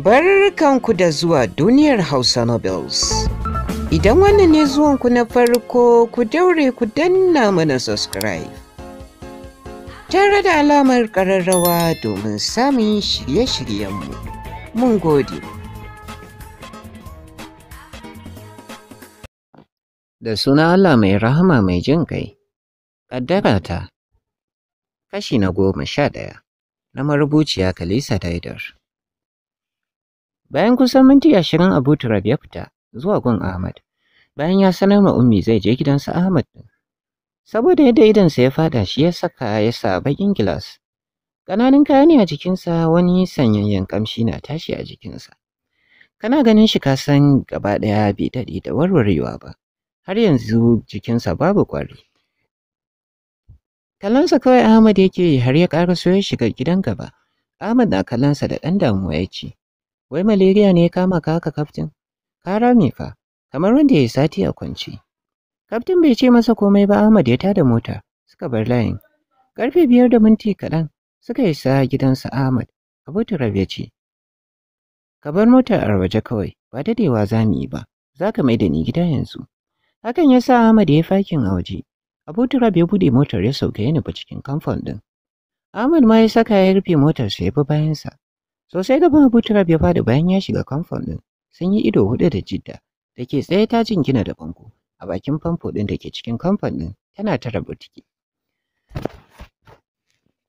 Barkanku da zuwa duniyar Hausa Nobles. Idan wannan ne zuwanku na farko ku daure ku danna mana subscribe. Tare da alamar ƙararrawa domin samun shirye-shiryenmu. Mun gode. Da suna Allah mai rahama mai jin kai, ƙaddara ta, kashi na goma sha ɗaya na marubuciya Kalisa Daidar. Bayan kusan minti ashirin Abu Turab ya fita zuwa gun Ahmad. Bayan ya sanar ma Ummi zai je gidansa Ahmad din. Saboda yadda idonsa ya fada shi ya saka ya sa bakin gilas. Ƙananan kaya ne a jikinsa wani sanyayyen kamshi na tashi a jikinsa. Kana ganin shi ka san gaba ɗaya bai daɗe da warwarewa ba. Har yanzu jikinsa babu ƙwari. Kallonsa kawai Ahmad yake har ya ƙara so ya shiga gidan gaba. Ahmad na kallonsa da ɗan damuwa ya ce, Wai malaria ne ya kama ka haka kaftin? Ka rame fa, kamar wanda ya yi sati a kwance. Kaftin bai ce masa komai ba Ahmad ya tada mota, suka bar layin. Karfe biyar da minti kaɗan suka isa gidansa Ahmad, Abu Turab ya ce, Ka bar motar a waje kawai, ba dadewa za mu yi ba, za ka mai da ni gida yanzu. Hakan ya sa Ahmad ya fakin a waje. Abu Turab ya buɗe motar ya sauka ya nufa cikin kamfan ɗin. Ahmad ma ya saka ya rufe motarsa ya bi bayansa. Sosai gaban Abu Turab ya faɗi bayan ya shiga kamfan ɗin. Sun yi ido huɗu da Jidda da ke tsaye ta jingina da fanko a bakin famfo ɗin da ke cikin kamfan ɗin tana ta rabu tiki.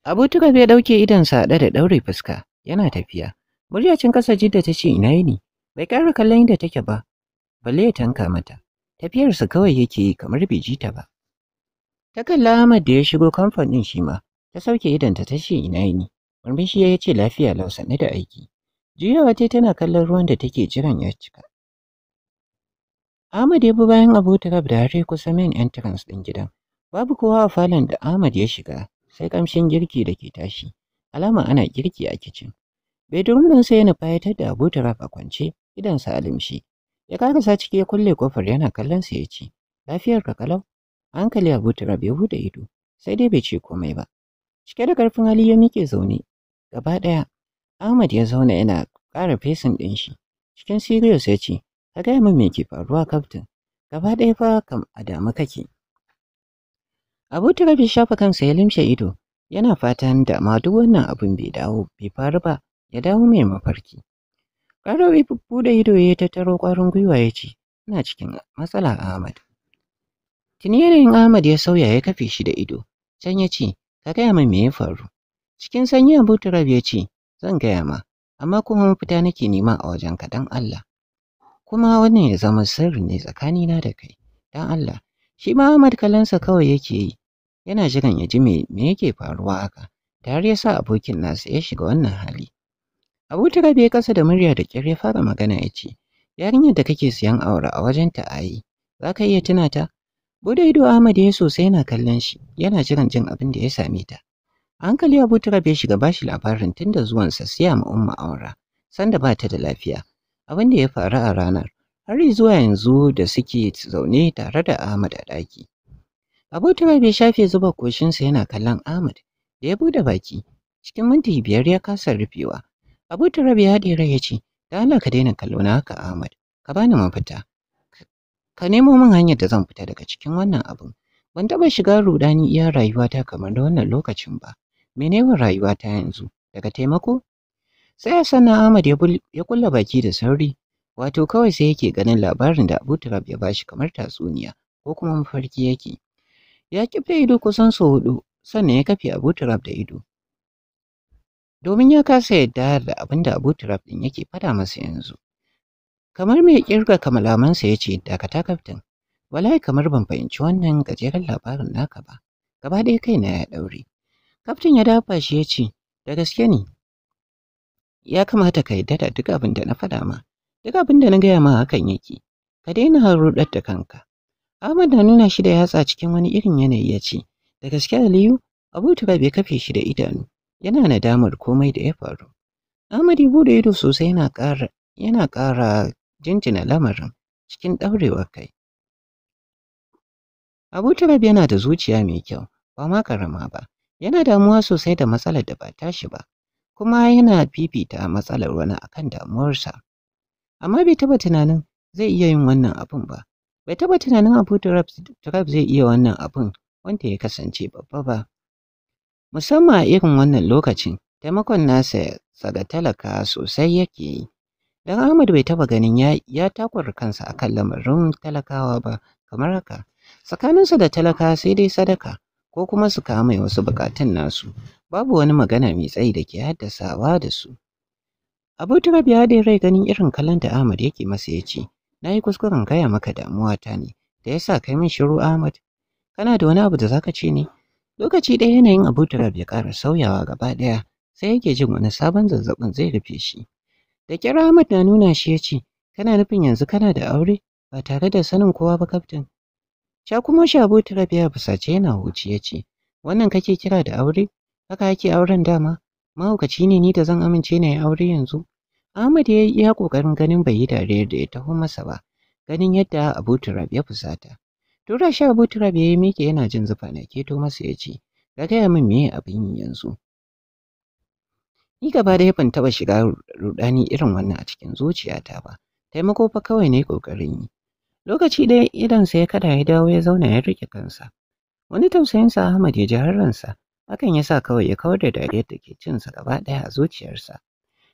Abu ya ɗauke idonsa haɗe da ɗaure fuska yana tafiya. Muryacin ƙasa Jidda ta ce ina yini bai ƙara kallon inda take ba balle ya tanka mata. Tafiyarsa kawai yake yi kamar bai ji ta ba. Ta kalla Ahmad da ya shigo kamfan ɗin shi ma ta sauke idonta ta ce ina yini Murmushiya ya ce lafiya lau sanne da aiki. Juyawa ta tana kallon ruwan da take jiran ya cika. Ahmad ya bi bayan Abu da har kusa main entrance ɗin gidan. Babu kowa a falon da Ahmad ya shiga sai kamshin girki da ke tashi. Alama ana girki a kicin. Bedroom ɗin sai yana fayatar da Abu Turab a kwance idan a alimshi Ya karasa ciki ya kulle kofar yana kallon sa ya ce, "Lafiyar ka kalau?" Hankali Abu Turab ya bude ido, sai dai bai ce komai ba. Cike da karfin hali ya mike zaune, Gaba ɗaya, Ahmad ya zauna yana ƙara fesin ɗin shi. Cikin Sirius ya ce, Ka gaya min me ke faruwa kaftin, gaba ɗaya fa kam a damu kake. Abu Turabi shafa kansa ya limshe ido, yana fatan da ma duk wannan abin bai dawo bai faru ba, ya dawo mai mafarki. Ƙarawi buɗe ido ya tattaro ƙwarin gwiwa ya ce, Ina cikin matsala Ahmad. Tuni yanayin Ahmad ya sauya ya kafe shi da ido, can ya ce, Ka gaya min me ya faru. Cikin sanyi Abu Turab ya ce, zan gaya ma, amma kuma mafita nake nema a wajen ka dan Allah. Kuma wannan ya zama sirri ne tsakanina da kai, dan Allah. Shi ma Ahmad kalansa kawai yake yi, yana jiran ya ji me yake faruwa haka. Tare ya sa abokin nasa ya shiga wannan hali. Abu Turab ya kasa da murya da ƙyar ya fara magana ya ce, yarinyar da kake siyan aure a wajen ta ayi, za ka iya tuna ta? Bude ido Ahmad ya sosai yana kallon shi, yana jiran jin abin da ya same ta. A hankali Abu Turab ya shiga bashi labarin tun da sa siya ma Umma aura, sanda ba ta da lafiya. Abin da ya faru a ranar, har zuwa yanzu da suke zaune tare da Ahmad a ɗaki. Abu Turab ya shafe zuba koshinsa yana kallon Ahmad, da ya bude baki, cikin minti biyar ya kasa rufewa. Abu Turab ya haɗe ya ce, "Da Allah ka daina kallo na haka Ahmad, ka bani mafita. Ka nemo min hanyar da zan fita daga cikin wannan abin. Ban taɓa shiga rudani iya rayuwata kamar da wannan lokacin ba." mene wa rayuwa ta yanzu daga taimako sai ya Hassan Ahmad ya kulla baki da sauri wato kawai sai yake ganin labarin da Abu Turab ya bashi kamar tatsuniya ko kuma mafarki yake ya kife ido kusan sau hudu sannan ya kafe Abu Turab da ido domin ya kasa yadda da abin da Abu Turab ɗin yake fada masa yanzu. Kamar mai kirga kamalamansa ya ce, dakata kaftin, wallahi kamar ban fahimci wannan gajeren labarin naka ba, gaba ɗaya na ya ɗaure. Kaftin ya dafa shi ya ce, da gaske ne, ya kamata ka yadda da duk abin da na faɗa ma, duk abin da na gaya ma hakan yake, ka daina rudar da kanka. Ahmad na nuna shi da yatsa cikin wani irin yanayi ya ce, da gaske Aliyu, Abu ya kafe shi da idanu, yana nadamar komai da ya faru. Ahmad ya bude ido sosai yana ƙara yana ƙara jinjina lamarin cikin ɗaurewar kai. Abu yana da zuciya mai kyau, ba ma karama ba, Yana damuwa sosai da matsalar da ba tashi ba, kuma yana fifita matsalar wani akan damuwarsa. Amma bai taɓa tunanin zai iya yin wannan abun ba. Bai taba tunanin Abu Turab zai iya wannan abun wanda ya kasance babba ba. Musamman a irin wannan lokacin, taimakon nasa saga talaka sosai yake yi. Dan Ahmad bai taba ganin ya, ya kansa akan lamarin talakawa ba kamar haka. Tsakaninsa da talaka sai dai sadaka. ko kuma su kawo wasu bukatun nasu babu wani magana mai tsayi da ke haddasawa da su abu turab ya rai ganin irin kallon da ahmad yake masa ya ce na yi kuskuren gaya maka damuwa ta ne da ya sa kai min shiru ahmad kana da wani abu da zaka ce ne lokaci ɗaya yanayin abu turab ya ƙara sauyawa gaba ɗaya sai yake jin wani sabon zazzabin zai rufe shi da kyar ahmad na nuna shi ya ce kana nufin yanzu kana da aure ba tare da sanin kowa ba kaftin sha kuma Abu-Turab ya fusace yana huci ya ce, Wannan kake kira da aure? Haka yake auren dama? Mahaukaci ne ni da zan amince na yi aure yanzu? Ahmad ya yi iya ƙoƙarin ganin bai yi dariyar da ya taho masa ba, ganin yadda Abu-Turab ya fusata. Tura shi Abu-Turab ya yi miƙe yana jin zufa na keto masa ya ce, Ka gaya min meye abin yi yanzu? Ni gaba da ban taɓa shiga rudani irin wannan a cikin zuciyata ba, taimako fa kawai na yi ƙoƙarin yi. Lokaci ɗaya idonsa ya kada ya dawo ya zauna ya riƙe kansa. Wani tausayinsa Ahmad ya ji harransa ransa, hakan ya sa kawai ya kawar da dariyar da ke cinsa gaba ɗaya a zuciyarsa.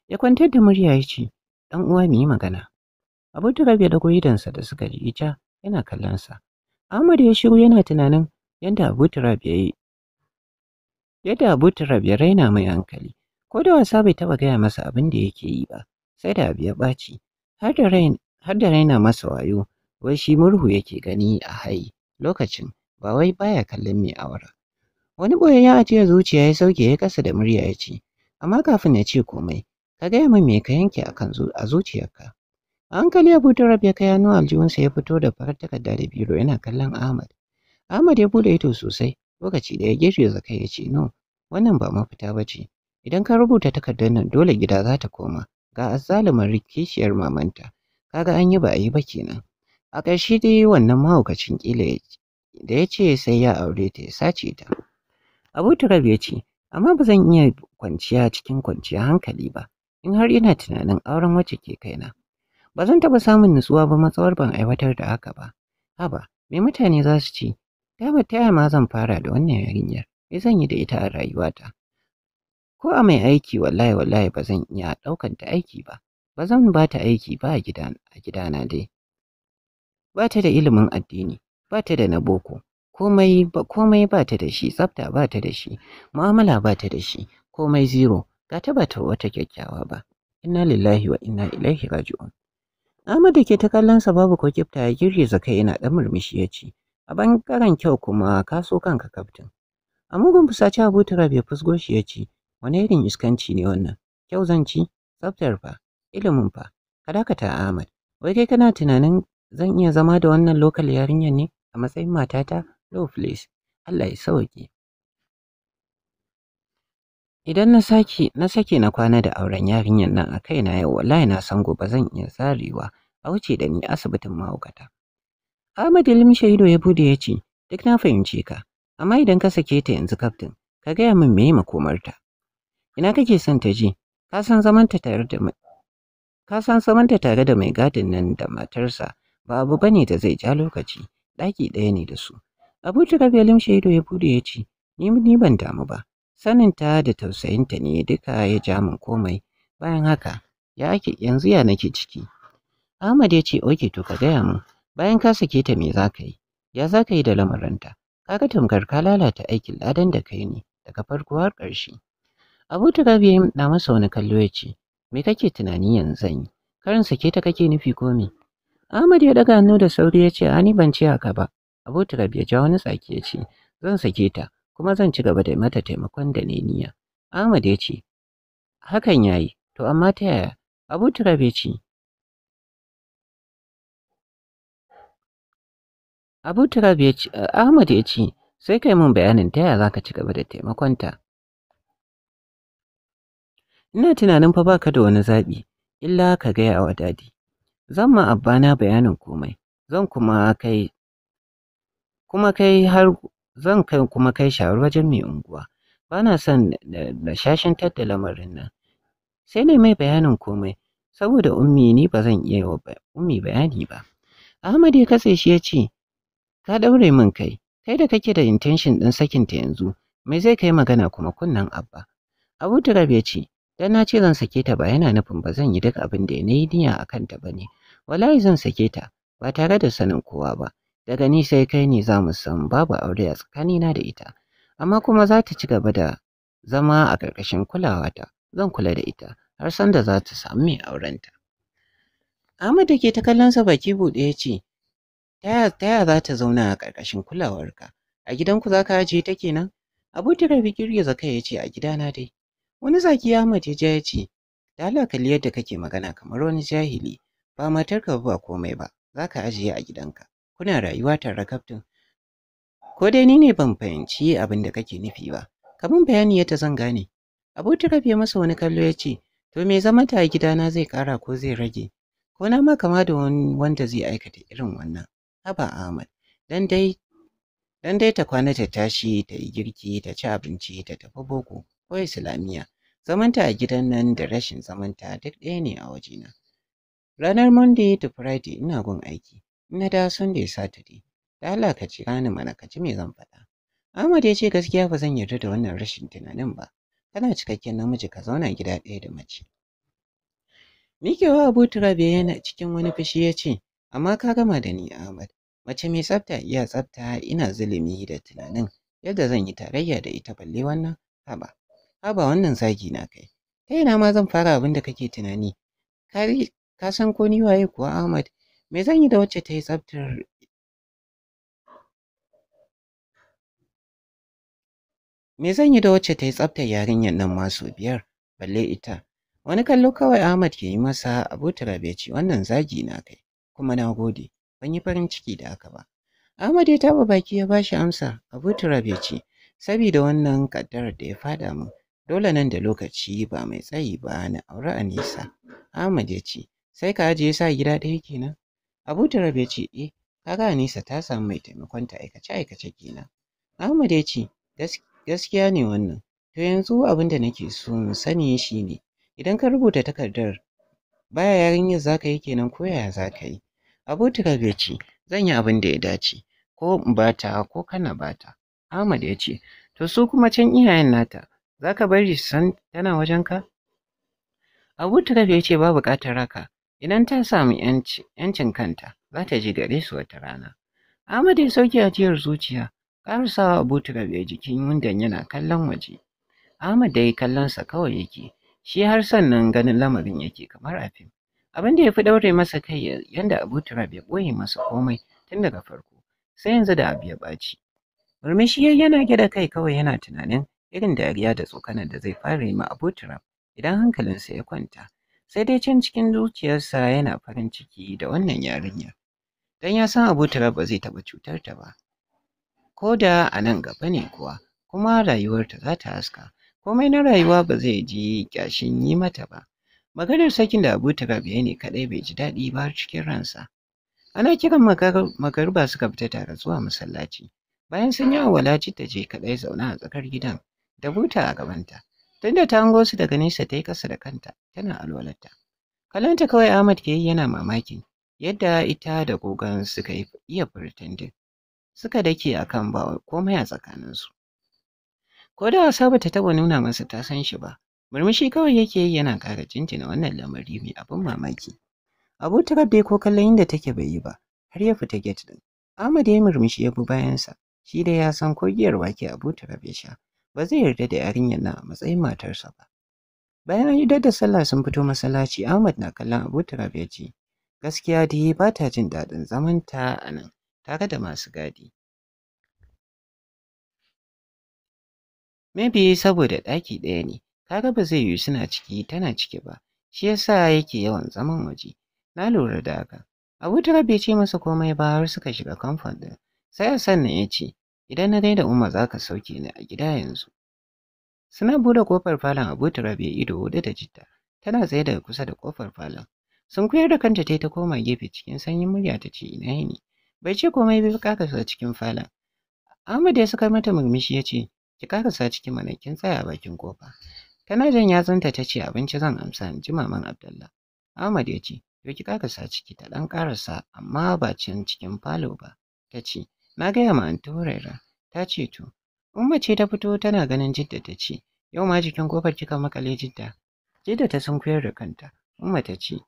Ya kwantar da murya ya ce, ɗan uwa mu yi magana. Abu Turab ya dago idonsa da suka ji ita yana sa. Ahmad ya shiru yana tunanin yadda Abu ya yi. Yadda Abu ya raina mai hankali, ko da wasa bai taɓa gaya masa abin da yake yi ba, sai da abu ya ɓaci, har da raina masa wayo. wai shi murhu yake gani a hayi lokacin ba wai baya kallon mai awara. Wani ya ajiye zuciya ya sauke ya kasa da murya ya ce, amma kafin ya ce komai, ka gaya min me ka yanke a kan a zuciyarka. A hankali Abu Rabi ya kai hannu aljihunsa ya fito da farar takarda da biro yana kallon Ahmad. Ahmad ya bude ito sosai lokaci da ya girgiza kai ya ce no wannan ba mafita ba ce idan ka rubuta takardar nan dole gida za ta koma ga azzalumin rikishiyar mamanta kaga an yi ba a yi ba kenan A ƙarshe dai wannan mahaukacin ƙila da ya ce sai ya aure ta ya sace ta. Abu Turab ya ce, amma ba zan iya kwanciya cikin kwanciya hankali ba, in har ina tunanin auren wacce ke kaina. Ba zan taɓa samun nutsuwa ba matsawar ban aiwatar da haka ba. Haba, me mutane za su ce, dama ta ma zan fara da wannan yarinyar, me zan yi da ita a rayuwata. Ko a mai aiki wallahi wallahi ba zan iya ɗaukan ta aiki ba, ba zan ba ta aiki ba a gidana dai. ba ta da ilimin addini ba ta da na boko komai ba komai ta da shi tsafta ba ta da shi mu'amala ba ta da shi komai zero ga ta ba wata kyakkyawa ba inna lillahi wa inna ilaihi raji'un Ahmad da ke ta kallon sa babu ko kifta ya girye zakai yana dan murmushi ya ce a bangaren kyau kuma ka so kanka kaftin a mugun fusaci Abu tura bai fusgo shi ya ce wani irin iskanci ne wannan kyau zan ci. tsaftar fa ilimin fa ka dakata Ahmad wai kai kana tunanin Zan iya zama da wannan lokal yarinyar ne a matsayin matata? No please, Allah ya sauke. Idan na sake na sake na kwana da auren yarinyar nan a kaina yau wallahi na san gobe zan iya sarewa a wuce da ni asibitin mahaukata. Ahmad limshe Shahido ya bude ya ce, duk na fahimce ka, amma idan ka sake ta yanzu kaftin, ka gaya min meye makomarta. Ina kake son ta je? Ka san zamanta tare da mai Ka san zamanta tare da mai gadin nan da matarsa ba abu bane da zai ja lokaci ɗaki ɗaya ne da su abu turab ya ya bude ya ce ni ni ban damu ba saninta da tausayinta ne duka ya ja min komai bayan haka ya ake yanzu ya nake ciki Ahmad ya ce oke to ka gaya min bayan ka sake ta me za ka yi ya za ka yi da lamarinta kaga tamkar ka lalata aikin ladan da kai ne daga farko har ƙarshe Abu Turab na masa wani kallo ya ce me kake tunani yanzu zan yi karin sake ta kake nufi ko me Ahmad ya daga hannu da sauri ya ce ani ban ce haka ba. Abu Turab ya ja wani tsaki ya ce zan sake ta kuma zan ci gaba da mata taimakon da ne niyya. Ahmad ya ce hakan yayi to amma ta yaya? Abu Turab ya ce Abu Turab ya ce Ahmad ya ce sai kai mun bayanin ta yaya za ka ci gaba da taimakonta. Ina tunanin fa baka da wani zaɓi illa ka gaya wa dadi. Zan ma abbana bayanin komai, zan kuma kai kuma kai har zan kai kuma kai shawar wajen mai unguwa. Ba na son na shashin da lamarin nan. Sai ne mai bayanin komai, saboda ummi ni ba zan iya wa ummi bayani ba. Ahmad ya katse shi ya ce, Ka daure min kai, kai da kake da intention ɗin sakinta yanzu, mai zai kai magana kuma kunnan abba. Abu Turab ya ce, Dan na ce zan sake ta ba yana nufin ba zan yi duk abin da na yi niyya a kanta ba ne. Wallahi zan sake ta ba tare da sanin kowa ba. Daga ni sai kai ne za mu san babu aure a tsakanina da ita. Amma kuma za ta ci gaba da zama a ƙarƙashin kulawata. Zan kula da ita har san da za ta samu mai aurenta. Ahmad da ke ta sa baki buɗe ya ce, Ta yaya za ta zauna a ƙarƙashin kulawarka? A gidanku za ka ajiye ta kenan? Abu ta Bikir ya zaka ya ce a gidana dai. Wani zaki Ahmad ya ja ya ce, da Allah kalli yadda kake magana kamar wani jahili, ba matarka ba komai ba, za ka ajiye a gidanka, kuna rayuwa tare kaftin. Ko dai ni ne ban fahimci abin da kake nufi ba, kamun bayani yadda zan gane. Abu Turab ya masa wani kallo ya ce, to me zama ta a gidana zai kara ko zai rage, ko na ma kama da wanda zai aikata irin wannan. Haba Ahmad, dan dai dan dai ta kwana ta tashi ta yi girki ta ci abinci ta tafi boko ko Islamiyya. Zamanta a gidan nan da rashin zamanta duk ɗaya ne a wajena. Ranar Monday to Friday ina gun aiki, ina da Sunday Saturday. Da Allah ka ce ni mana ka ji me zan faɗa. Ahmad ya ce gaskiya ba zan yarda da wannan rashin tunanin ba. Kana cikakken namiji ka zauna gida ɗaya da mace. Mikewa Abu ya yana cikin wani fushi ya ce, amma ka gama da ni Ahmad. Mace mai tsafta iya tsafta ina zulumi da tunanin yadda zan yi tarayya da ita balle wannan haba. haba wannan zagi na kai ta ina ma zan fara abin da kake tunani Kari ka san ko ni waye kuwa Ahmad me zan yi da wacce ta yi tsaftar me zan yi da wacce ta yi tsaftar yarinyar nan ma biyar balle ita wani kallo kawai Ahmad ke yi masa abotar bai ce wannan zagi na kai kuma na gode ban yi farin ciki da haka ba Ahmad ya taba baki ya bashi amsa abotar bai ce saboda wannan kaddarar da ya fada min Dole nan da lokaci ba mai tsayi ba na aure a Anisa. Ahmad ya ce, sai ka ajiye sa gida ɗaya kenan. Abu Turab ya ce, eh, kaga Anisa ta samu mai taimakon ta aikace-aikace kenan. Ahmad ya ce, gaskiya ne wannan. To yanzu abin da nake so in sani shi ne, idan ka rubuta takardar baya yarinyar za ka yi kenan ko yaya za ka yi. Abu Turab ya ce, zan yi abin da ya dace, ko in bata ko kana bata. Ahmad ya ce, to su kuma can iyayen nata, za ka bari su san tana wajenka? Abu ta ya ce ba buƙatar raka, idan ta samu ‘yancin kanta za ta ji gare su wata rana. Ahmad ya sauke ajiyar zuciya, ƙarasawa Abu ta ya jikin wundan yana kallon waje. Ahmad da ya sa kawai yake, shi har sannan ganin lamarin yake kamar a fim. Abin da ya fi ɗaure masa kai yanda Abu ya ɓoye masa komai tun daga farko, sai yanzu da abu ya ɓaci. Murmushi yana gida kai kawai yana tunanin irin dariya da tsokanar da zai fara yi ma abotiram idan hankalinsa ya kwanta sai dai can cikin zuciyarsa yana farin ciki da wannan yarinyar don ya san abotiram ba zai taba cutar ta ba ko da a nan gaba ne kuwa kuma rayuwarta za ta haska komai na rayuwa ba zai ji ƙyashin yi mata ba maganar sakin da abotiram ya ne kadai bai ji daɗi ba cikin ransa ana kiran magariba suka fita tare zuwa masallaci bayan sun yi awala ta je kadai zaune a tsakar gidan da buta a gabanta. Tunda ta hango su daga nesa ta yi kasa da kanta tana alwalarta. Kalanta kawai Ahmad ke yi yana mamakin yadda ita da gogon suka iya furtandin. Suka dake a kan ba komai a tsakaninsu. Ko da wasa bata ta taɓa nuna masa ta san shi ba, murmushi kawai yake yi yana ƙara jinjina wannan lamari mai abin mamaki. Abu ta rabbe ko kallon inda take bai yi ba, har ya fita get din Ahmad ya murmushi ya bi bayansa, shi da ya san ko giyar wake Abu ta rabbe sha. ba zai yarda da yarinyar na a matsayin matarsa ba. Bayan an yi da sallah sun fito masallaci Ahmad na kallon Abu Turab ya ce, Gaskiya dai ba ta jin daɗin zamanta a nan tare da masu gadi. Maybe saboda ɗaki ɗaya ne, kaga ba zai yiwu suna ciki tana ciki ba, shi yasa yake yawan zaman waje. Na lura da haka. Abu Turab ya ce masa komai ba har suka shiga kamfan ɗin. Sai a sannan ya ce, Idan na daida umma za ka sauke ni a gida yanzu. Suna buɗe ƙofar falon a abota rabe ido hudu da jitta. Tana tsaye daga kusa da ƙofar falon. Sun koyar da kanta tai ta koma gefe cikin sanyin murya ta ce ina ne. Bai ce komai bai kakasa cikin falon. Ahmad ya saka mata murmushi ya ce ki sa cikin mana kin tsaya bakin kofa. Tana jan yatsunta ta ce abinci zan amsa in ji maman Abdullah. Ahmad ya ce to ki sa ciki ta ɗan karasa amma ba can cikin falo ba. Ta ce Na gaya ma anti Huraira, ta ce to, in ce ta fito tana ganin Jidda ta ce, yau ma jikin kofar kika makale Jidda. Jidda ta sunkuyar da kanta, Umma ta ce,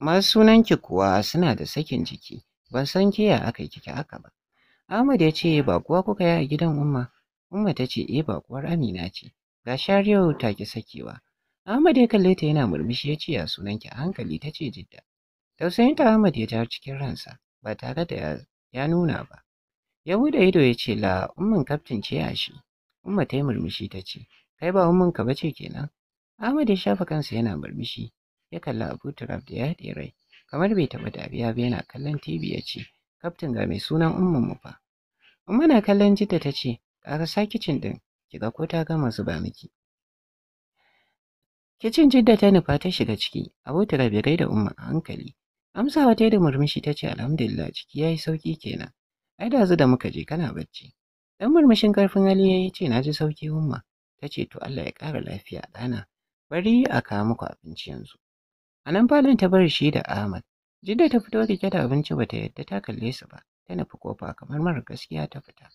masu sunanki kuwa suna da sakin jiki, ban san kiya aka yi kike haka ba. Ahmad ya ce ba kuwa kuka yi a gidan Umma, Umma ta ce eh ba kuwar Amina ce, ga yau ta ki sakewa. Ahmad ya kalle ta yana murmushi ya ce ya sunanki a hankali ta ce Jidda. Tausayinta Ahmad ya ja cikin ransa ba tare da ya ya nuna ba. Ya buɗe ido ya ce la umman kaftin ce ya shi. Umma ta yi murmushi ta ce, kai ba umman ka bace kenan. Ahmad ya shafa kansa yana murmushi, ya kalla a Turab da ya haɗe rai, kamar bai taɓa dariya ba yana kallon TV ya ce, kaftin ga mai sunan umman mu fa. Umma na kallon jidda ta ce, ƙara sa kicin ɗin, ki ga ko ta gama zuba miki. Kicin jidda ta nufa ta shiga ciki, Abu Turab ya gaida umma a hankali, Amsa ta yi da murmushi ta ce alhamdulillah ciki ya yi sauƙi kenan. Ai da da muka je kana bacci. Ɗan murmushin karfin hali ya yi ce na ji sauƙi umma. Ta ce to Allah ya ƙara lafiya ɗana. Bari a kawo muku abinci yanzu. A nan falon ta bar shi da Ahmad. Jidda ta fito rike da abinci bata yadda ta kalle su ba. Ta nufi kofa kamar mara gaskiya ta fita.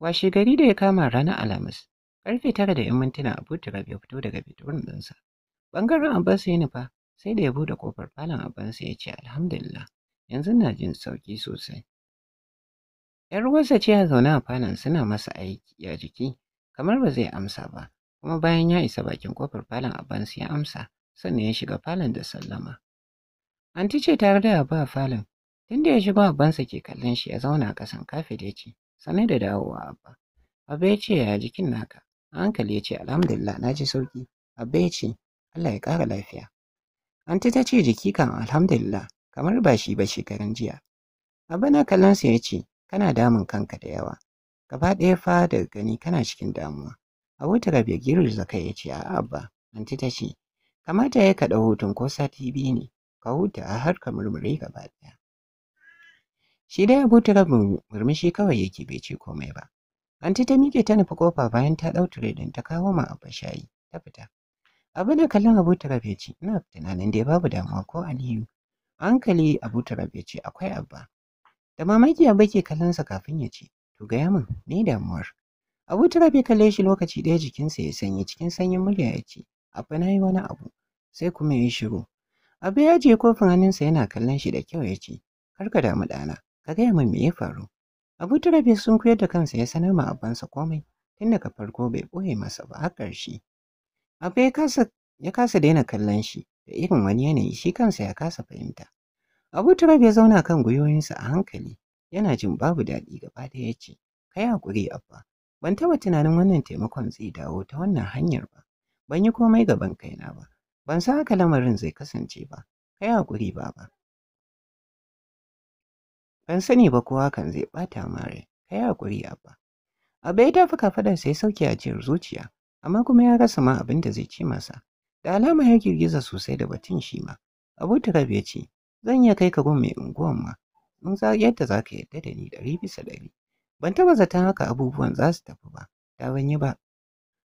Washe gari da ya kama ranar Alhamis, Karfe tara da 'yan mintuna Abuja rabi ya fito daga bedroom ɗinsa. Ɓangaren Abbansa ya nufa sai da ya buɗe kofar falon Abbansa ya ce alhamdulillah yanzu na jin sauki sosai. Yar ruwansa ce ya zaune a falon suna masa aiki ya jiki kamar ba zai amsa ba kuma bayan ya isa bakin kofar falon Abbansa ya amsa sannan ya shiga falon da sallama. Anti ce tare da ba a falon tunda ya shigo Abbansa ke kallon shi ya zauna a ƙasan da ya ce sanar da dawowa Abba. Abba ya ce yaya jikin naka? A hankali ya ce alhamdulillah na ji sauki Abba ya ce Allah ya ƙara lafiya. Anti ta ce jiki kan alhamdulillah kamar ba shi ba shekaran jiya. Abba na kallonsa ya ce kana damun kanka da yawa. Gaba ɗaya fa da gani kana cikin damuwa. rabe giru da zakai ya ce a abba. Anti ta ce kamata ya kaɗa hutun ko sati biyu ne ka huta har ka murmure gaba ɗaya. Shi dai rabe murmushi kawai yake bai ce komai ba. Anti ta miƙe ta nufi ƙofa bayan ta ɗau tiredin ta kawo ma abba shayi ta fita. Abu da kallon Abu Turab ya ce, ina tunanin dai babu damuwa ko Aliyu. Hankali Abu Turab ya ce, akwai abba. Da mamaki abba ke kallonsa kafin ya ce, to gaya min, ne damuwar. Abu Turab ya kalle shi lokaci ɗaya jikinsa ya sanyi cikin sanyin murya ya ce, abba na yi wani abu, sai kuma ya yi shiru. Abu ya je kofin hannunsa yana kallon shi da kyau ya ce, kar ka damu ɗana, ka gaya min me ya faru. Abu Turabe sun koyar da kansa ya sanar ma abansa komai tun daga farko bai ɓoye masa ba a ƙarshe. Abu ya kasa daina kallon shi da irin wani yanayi shi kansa ya kasa fahimta. Abu Turabe ya zauna kan gwiwoyinsa a hankali yana jin babu daɗi gaba ɗaya ya ce kai haƙuri abba ban taɓa tunanin wannan taimakon zai dawo ta wannan hanyar ba ban yi komai gaban kaina ba ban san haka lamarin zai kasance ba kai haƙuri baba Ban sani ba kowa kan zai ɓata mare, kai ka yi haƙuri abba. Abba ya tafi kafaɗarsa sai sauke a jiyar zuciya, amma kuma ya rasa ma abin da zai ce masa. Da alama ya girgiza sosai da batun shi ma. Abu Turab ya ce, zan iya kai ka gun mai unguwan ma, in za yadda za ka yadda da ni ɗari bisa ɗari. Ban taɓa zaton haka abubuwan za su tafi ba, da ban yi ba.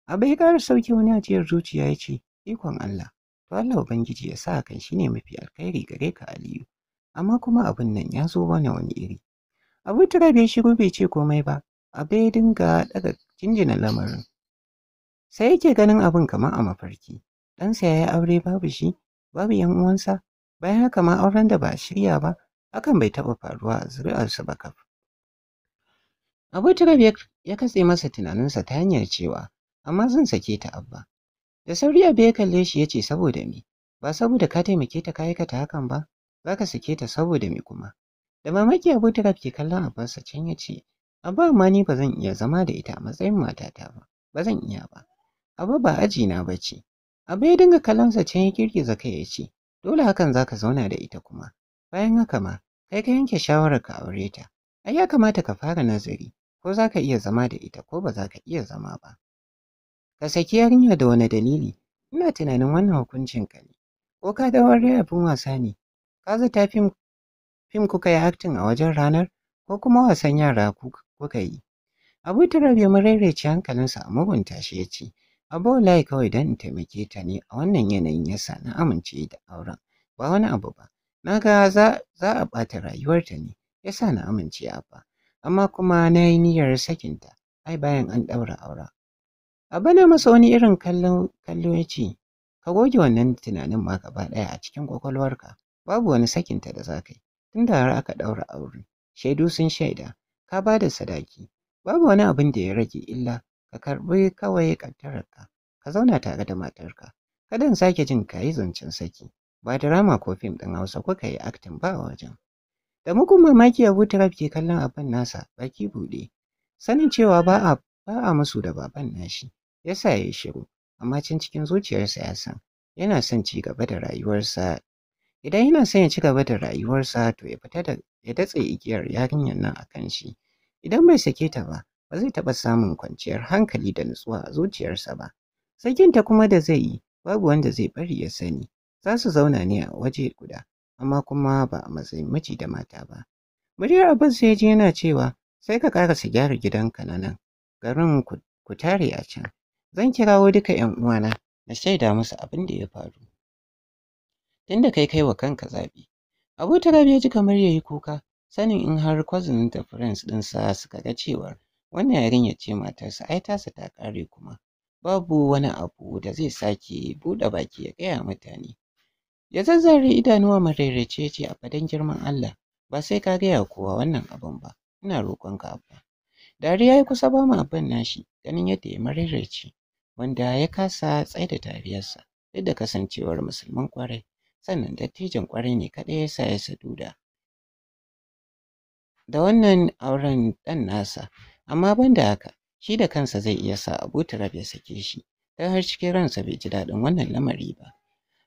Abba ya ƙara sauke wani ajiyar zuciya ya ce, ikon Allah, to Allah Ubangiji ya sa hakan ne mafi alkhairi gare ka Aliyu. amma kuma abin nan ya zo mana wani iri. Abu tura ya shigo bai ce komai ba, abu ya dinga daga jinjina lamarin. Sai yake ganin abin kamar a mafarki, ɗansa ya yi aure babu shi, babu ‘yan uwansa, bayan haka ma auren da ba a shirya ba, hakan bai taɓa faruwa a zuri'arsa ba kaf. Abu Turab ya katse masa tunaninsa ta hanyar cewa, amma zan sake ta abba. Da sauri abu ya kalle shi ya ce saboda me, ba saboda ka taimake ta ka aikata hakan ba, Za ka sake ta saboda mai kuma? Da mamaki Abu Abutarab ke kallon abansa can ya ce, Abba amma ni ba zan iya zama da ita a matsayin matata ba, ba zan iya ba. Abu ba aji na ba ce. abu ya dinga kallonsa can ya girgiza kai ya ce, Dole hakan za ka zauna da ita kuma. Bayan haka ma, kai ka yanke shawarar ka aure ta. Ai ya kamata ka fara nazari, ko za ka iya zama da ita ko ba za ka iya zama ba. Ka saki yarinya da wani dalili, ina tunanin wannan hukuncin ka ne. Ko ka dawar abin wasa ne, ta fim kuka yi acting a wajen ranar ko kuma wasan yara kuka yi? Abu Turab ya marairaici hankalinsa a mugunta shi ya ce, Abu wallahi kawai don in taimake ta ne a wannan yanayin ya sa na amince da auren ba wani abu ba. Na ga za, a ɓata rayuwarta ne ya sa na amince a ba amma kuma na yi niyyar sakinta ai bayan an ɗaura aura. A bana masa wani irin kallo ya ce, ka goge wannan tunanin ma gaba ɗaya a cikin kwakwalwarka. babu wani sakinta da za ka yi tunda har aka ɗaura aure shaidu sun shaida ka ba da sadaki babu wani abin da ya rage illa ka karɓi kawai ƙaddararka ka zauna tare da matarka kada in sake jin ka yi zancen saki ba drama ko fim ɗin hausa kuka yi aktin ba a wajen da mugun mamaki abu turab ke kallon abin nasa baki buɗe sanin cewa ba a ba a musu da baban nashi yasa ya yi shiru amma can cikin zuciyarsa ya san yana son ci gaba da rayuwarsa Idan yana son ya ci gaba da rayuwarsa to ya ya fita da datse igiyar yarinyar nan a kan shi idan bai sake ta ba, ba zai taɓa samun kwanciyar hankali da nutsuwa a zuciyarsa ba. Sakinta kuma da zai yi, babu wanda zai bari ya sani, za su zauna ne a waje guda, amma kuma ba a matsayin miji da mata ba. Muryar abin ya ji yana cewa, sai ka ƙarasa gyara gidanka na nan, garin ku tare a can. Zan kirawo duka 'yan uwana na shaida musu abin da ya faru. tunda kai kai wa kanka zaɓi. Abu Rabi ya ji kamar ya yi kuka sanin in har kwazumin da ɗin sa suka ga cewar wannan ya ce matarsa ai tasa ta ƙare kuma babu wani abu da zai sake buɗe baki ya gaya mutane. Ya zazzare idanuwa marairace ce a fadan girman Allah ba sai ka gaya kowa wannan abin ba ina roƙonka abba. Dariya ya kusa ba mu abin nashi ganin yadda ya marairace wanda ya kasa tsaida dariyarsa duk da kasancewar musulman kwarai sannan dattijan kwarai ne kaɗai ya sa ya saduda. Da wannan auren ɗan nasa, amma ban da haka, shi da kansa zai iya sa Abu ta ya sake shi, don har cikin ransa bai ji daɗin wannan lamari ba.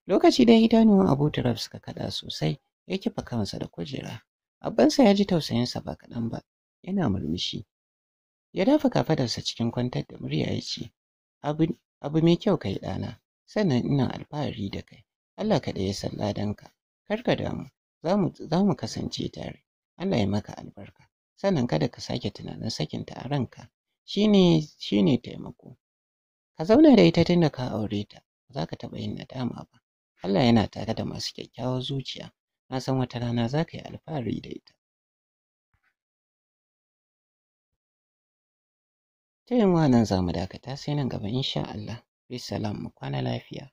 Lokaci da idanuwan Abu suka kaɗa sosai, ya kifa kansa da kujera. Abbansa ya ji tausayinsa ba kaɗan ba, yana murmushi. Ya dafa kafadarsa cikin kwantar da murya ya ce, abu mai kyau kai ɗana, sannan ina alfahari da kai. Allah kaɗai ya san ladanka. Kar ka damu, za mu kasance tare. Allah ya maka albarka. Sannan kada ka sake tunanin ta a ranka. Shi ne taimako. Ka zauna da ita tunda ka aure ta, ba za ka taɓa yin nadama ba. Allah yana tare da masu kyakkyawar zuciya. Na san wata rana za ka yi alfahari da ita. Ta yin nan za mu dakata sai nan gaba insha Allah. Bisalam mu kwana lafiya.